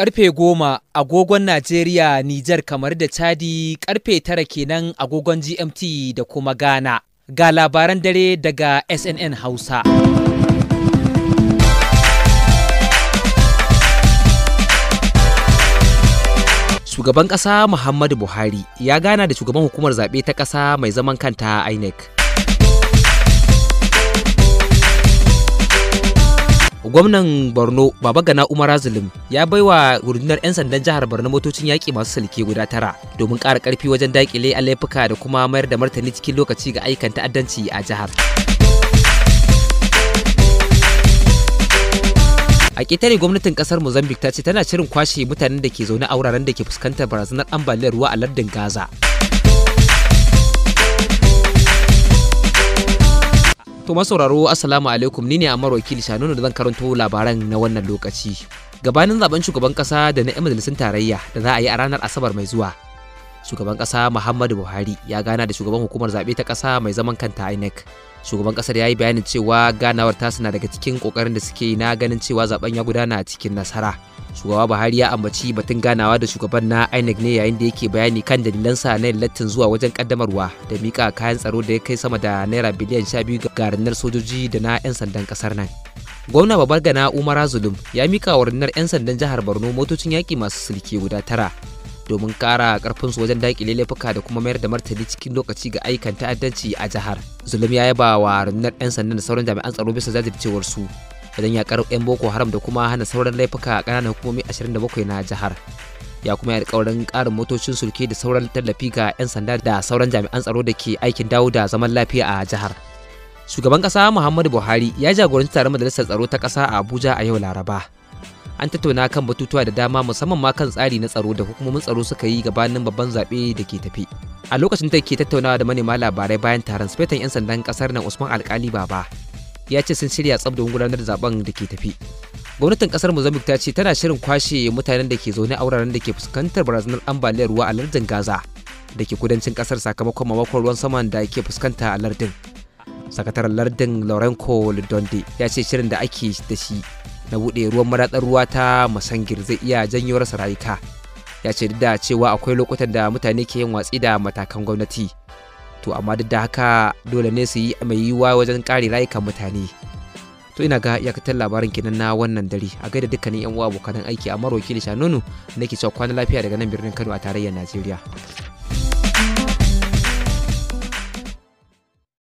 karfe goma agogon Najeriya, Nijar kamar da Chadi karfe tara kenan agogon GMT da kuma Ghana. Ga labaran dare daga SNN Hausa. Shugaban ƙasa Muhammadu Buhari ya gana da shugaban hukumar zaɓe ta ƙasa mai zaman kanta INEC. gwamnan borno baba gana umar azulum ya baiwa rundunar 'yan sandan jihar borno motocin yaƙi masu silke guda tara domin ƙara ƙarfi wajen daƙile a laifuka da kuma mayar da martani cikin lokaci ga aikan ta'addanci a jihar a ƙetare gwamnatin ƙasar mozambique ta ce tana shirin kwashe mutanen da ke zaune a wuraren da ke fuskantar barazanar ambaliyar ruwa a lardin gaza To masauraro assalamu alaikum ni ne Amar Wakili Shanunu da zan karanto labaran na wannan lokaci. Gabanin zaben shugaban kasa da na 'yan majalisun tarayya da za a yi a ranar Asabar mai zuwa. shugaban ƙasa muhammadu buhari ya gana da shugaban hukumar zaɓe ta kasa mai zaman kanta inec shugaban ƙasar ya yi bayanin cewa ganawar ta suna daga cikin ƙoƙarin da suke na ganin cewa zaɓen ya gudana a cikin nasara shugaba buhari ya ambaci batun ganawa da shugaban na inec ne yayin da yake bayani kan dalilansa na lattin zuwa wajen kaddamarwa da mika kayan tsaro da ya kai sama da naira biliyan biyu ga rundunar sojoji da na 'yan sandan kasar nan gwamna babar gana umara zulum ya mika wa rundunar 'yan sandan jihar borno motocin yaƙi masu silke guda tara domin kara karfin su wajen dakile laifuka da kuma mayar da martani cikin lokaci ga aikan ta'addanci a jihar zulum ya yaba wa rundunar 'yan sanda da sauran jami'an tsaro bisa jajircewar su wajen yakar 'yan boko haram da kuma hana sauran laifuka a ƙananan hukumomi 27 na jihar ya kuma yi alƙawarin ƙarin motocin sulke da sauran tallafi ga 'yan sanda da sauran jami'an tsaro da ke aikin dawo da zaman lafiya a jihar shugaban ƙasa muhammadu buhari ya jagoranci taron majalisar tsaro ta ƙasa a abuja a yau laraba an tattauna kan batutuwa da dama musamman ma kan tsari na tsaro da hukumomin tsaro suka yi gabanin babban zaɓe da ke tafi a lokacin da ke tattaunawa da manema labarai bayan taron sufetan 'yan sandan kasar nan usman alkali baba ya ce sun shirya tsab don gudanar da zaben da ke tafi gwamnatin kasar mozambique ta ce tana shirin kwashe mutanen da ke zaune a wuraren da ke fuskantar barazanar ambaliyar ruwa a lardin gaza da ke kudancin kasar sakamakon mamakon ruwan saman da ke fuskanta a lardin sakataren lardin laurenco lidonde ya ce shirin da ake da shi na buɗe ruwan madatsar ruwa ta masangir zai iya janyo rasa rayuka ya ce duk da cewa akwai lokutan da mutane ke yin watsi da matakan gwamnati to amma duk da haka dole ne su yi mai yiwuwa wajen kare rayukan mutane to ina ga iyakatar labarin kenan na wannan dare a gaida dukkanin yan uwa abokan aiki a maroki shanunu nake cewa kwana lafiya daga nan birnin kano a tarayyar najeriya